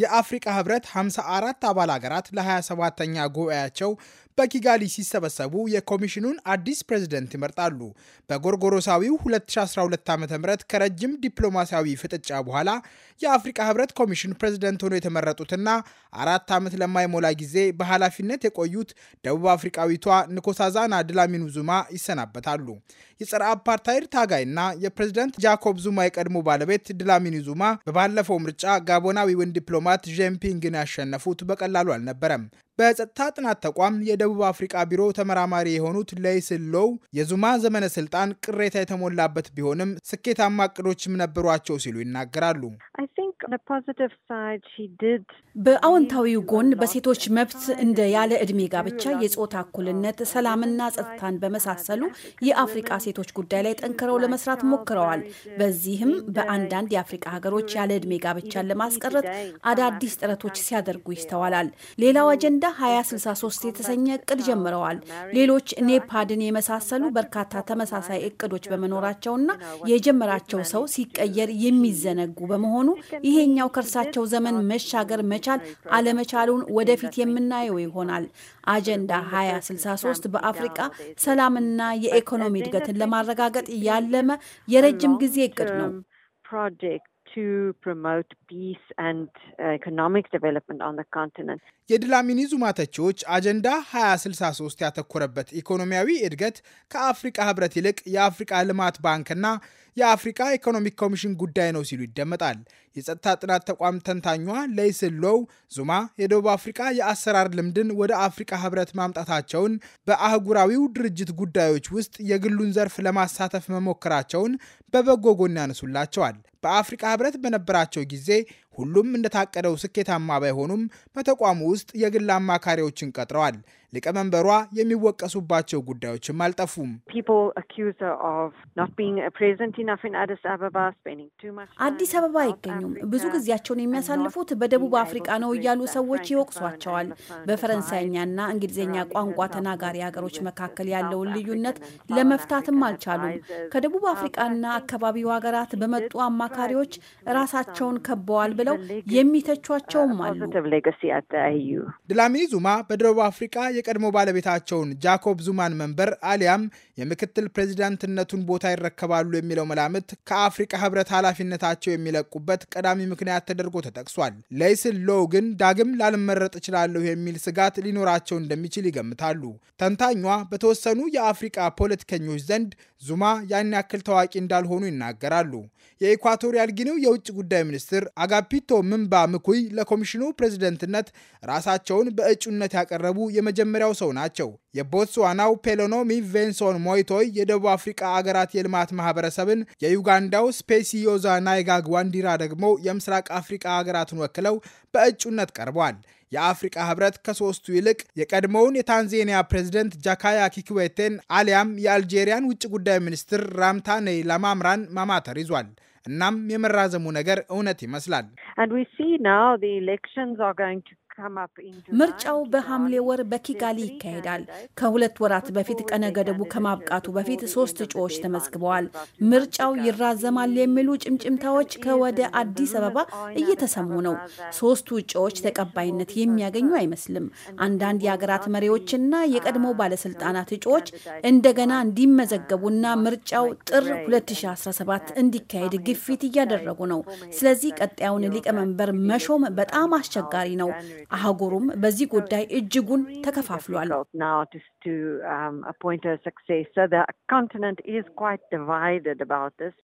የአፍሪቃ ህብረት 54 አባል ሀገራት ለ 27 ተኛ ጉባኤያቸው በኪጋሊ ሲሰበሰቡ የኮሚሽኑን አዲስ ፕሬዝደንት ይመርጣሉ። በጎርጎሮሳዊው 2012 ዓ ም ከረጅም ዲፕሎማሲያዊ ፍጥጫ በኋላ የአፍሪቃ ህብረት ኮሚሽን ፕሬዝደንት ሆኖ የተመረጡትና አራት ዓመት ለማይሞላ ጊዜ በኃላፊነት የቆዩት ደቡብ አፍሪቃዊቷ ንኮሳዛና ድላሚኑ ዙማ ይሰናበታሉ። የጸረ አፓርታይድ ታጋይና የፕሬዝደንት ጃኮብ ዙማ የቀድሞ ባለቤት ድላሚኒ ዙማ በባለፈው ምርጫ ጋቦናዊውን ዲፕሎማት ዣምፒንግን ያሸነፉት በቀላሉ አልነበረም። በጸጥታ ጥናት ተቋም የደቡብ አፍሪካ ቢሮ ተመራማሪ የሆኑት ለይስል ሎው የዙማ ዘመነ ስልጣን ቅሬታ የተሞላበት ቢሆንም ስኬታማ እቅዶችም ነበሯቸው ሲሉ ይናገራሉ። በአዎንታዊው ጎን በሴቶች መብት እንደ ያለ ዕድሜ ጋብቻ፣ የጾታ እኩልነት፣ ሰላምና ጸጥታን በመሳሰሉ የአፍሪቃ ሴቶች ጉዳይ ላይ ጠንክረው ለመስራት ሞክረዋል። በዚህም በአንዳንድ የአፍሪቃ ሀገሮች ያለ እድሜ ጋብቻን ለማስቀረት አዳዲስ ጥረቶች ሲያደርጉ ይስተዋላል። ሌላው አጀንዳ 2063 የተሰኘ እቅድ ጀምረዋል። ሌሎች ኔፓድን የመሳሰሉ በርካታ ተመሳሳይ እቅዶች በመኖራቸውና የጀመራቸው ሰው ሲቀየር የሚዘነጉ በመሆኑ ይሄኛው ከእርሳቸው ዘመን መሻገር መቻል አለመቻሉን ወደፊት የምናየው ይሆናል። አጀንዳ 2063 በአፍሪቃ ሰላምና የኢኮኖሚ እድገትን ለማረጋገጥ ያለመ የረጅም ጊዜ እቅድ ነው። to promote peace and economic development on the continent. የድላሚኒ ዙማ ተቺዎች አጀንዳ 2063 ያተኮረበት ኢኮኖሚያዊ እድገት ከአፍሪቃ ህብረት ይልቅ የአፍሪቃ ልማት ባንክና የአፍሪካ ኢኮኖሚክ ኮሚሽን ጉዳይ ነው ሲሉ ይደመጣል። የጸጥታ ጥናት ተቋም ተንታኟ ሎው ዙማ የደቡብ አፍሪካ የአሰራር ልምድን ወደ አፍሪካ ህብረት ማምጣታቸውን፣ በአህጉራዊው ድርጅት ጉዳዮች ውስጥ የግሉን ዘርፍ ለማሳተፍ መሞከራቸውን በበጎ ጎን ያነሱላቸዋል። በአፍሪካ ህብረት በነበራቸው ጊዜ ሁሉም እንደታቀደው ስኬታማ ባይሆኑም በተቋሙ ውስጥ የግል አማካሪዎችን ቀጥረዋል። ሊቀመንበሯ የሚወቀሱባቸው ጉዳዮችም አልጠፉም። አዲስ አበባ አይገኙም፣ ብዙ ጊዜያቸውን የሚያሳልፉት በደቡብ አፍሪቃ ነው እያሉ ሰዎች ይወቅሷቸዋል። በፈረንሳይኛና እንግሊዝኛ ቋንቋ ተናጋሪ ሀገሮች መካከል ያለውን ልዩነት ለመፍታትም አልቻሉም። ከደቡብ አፍሪቃና አካባቢው ሀገራት በመጡ አማካሪዎች ራሳቸውን ከበዋል ብለው uh, የሚተቿቸውም አሉ። ድላሚኒ ዙማ በደቡብ አፍሪቃ የቀድሞ ባለቤታቸውን ጃኮብ ዙማን መንበር አሊያም የምክትል ፕሬዚዳንትነቱን ቦታ ይረከባሉ የሚለው መላምት ከአፍሪቃ ህብረት ኃላፊነታቸው የሚለቁበት ቀዳሚ ምክንያት ተደርጎ ተጠቅሷል። ለይስን ሎው ግን ዳግም ላልመረጥ እችላለሁ የሚል ስጋት ሊኖራቸው እንደሚችል ይገምታሉ። ተንታኟ በተወሰኑ የአፍሪቃ ፖለቲከኞች ዘንድ ዙማ ያን ያክል ታዋቂ እንዳልሆኑ ይናገራሉ። የኢኳቶሪያል ጊኒው የውጭ ጉዳይ ሚኒስትር አጋፒቶ ምንባ ምኩይ ለኮሚሽኑ ፕሬዚደንትነት ራሳቸውን በእጩነት ያቀረቡ የመጀመ የመጀመሪያው ሰው ናቸው። የቦትስዋናው ፔሎኖሚ ቬንሶን ሞይቶይ የደቡብ አፍሪቃ አገራት የልማት ማህበረሰብን፣ የዩጋንዳው ስፔሲዮዛ ናይጋግ ዋንዲራ ደግሞ የምስራቅ አፍሪቃ አገራትን ወክለው በእጩነት ቀርቧል። የአፍሪቃ ህብረት ከሶስቱ ይልቅ የቀድሞውን የታንዜኒያ ፕሬዝደንት ጃካያ ኪክዌቴን አሊያም የአልጄሪያን ውጭ ጉዳይ ሚኒስትር ራምታኔ ለማምራን ማማተር ይዟል። እናም የመራዘሙ ነገር እውነት ይመስላል። ምርጫው በሐምሌ ወር በኪጋሊ ይካሄዳል። ከሁለት ወራት በፊት ቀነ ገደቡ ከማብቃቱ በፊት ሶስት እጩዎች ተመዝግበዋል። ምርጫው ይራዘማል የሚሉ ጭምጭምታዎች ከወደ አዲስ አበባ እየተሰሙ ነው። ሶስቱ እጩዎች ተቀባይነት የሚያገኙ አይመስልም። አንዳንድ የሀገራት መሪዎችና um, የቀድሞ ባለስልጣናት እጩዎች እንደገና እንዲመዘገቡና uh, ምርጫው ጥር 2017 እንዲካሄድ ግፊት እያደረጉ ነው። ስለዚህ ቀጣዩን ሊቀመንበር መሾም በጣም አስቸጋሪ ነው። አህጉሩም በዚህ ጉዳይ እጅጉን ተከፋፍሏል።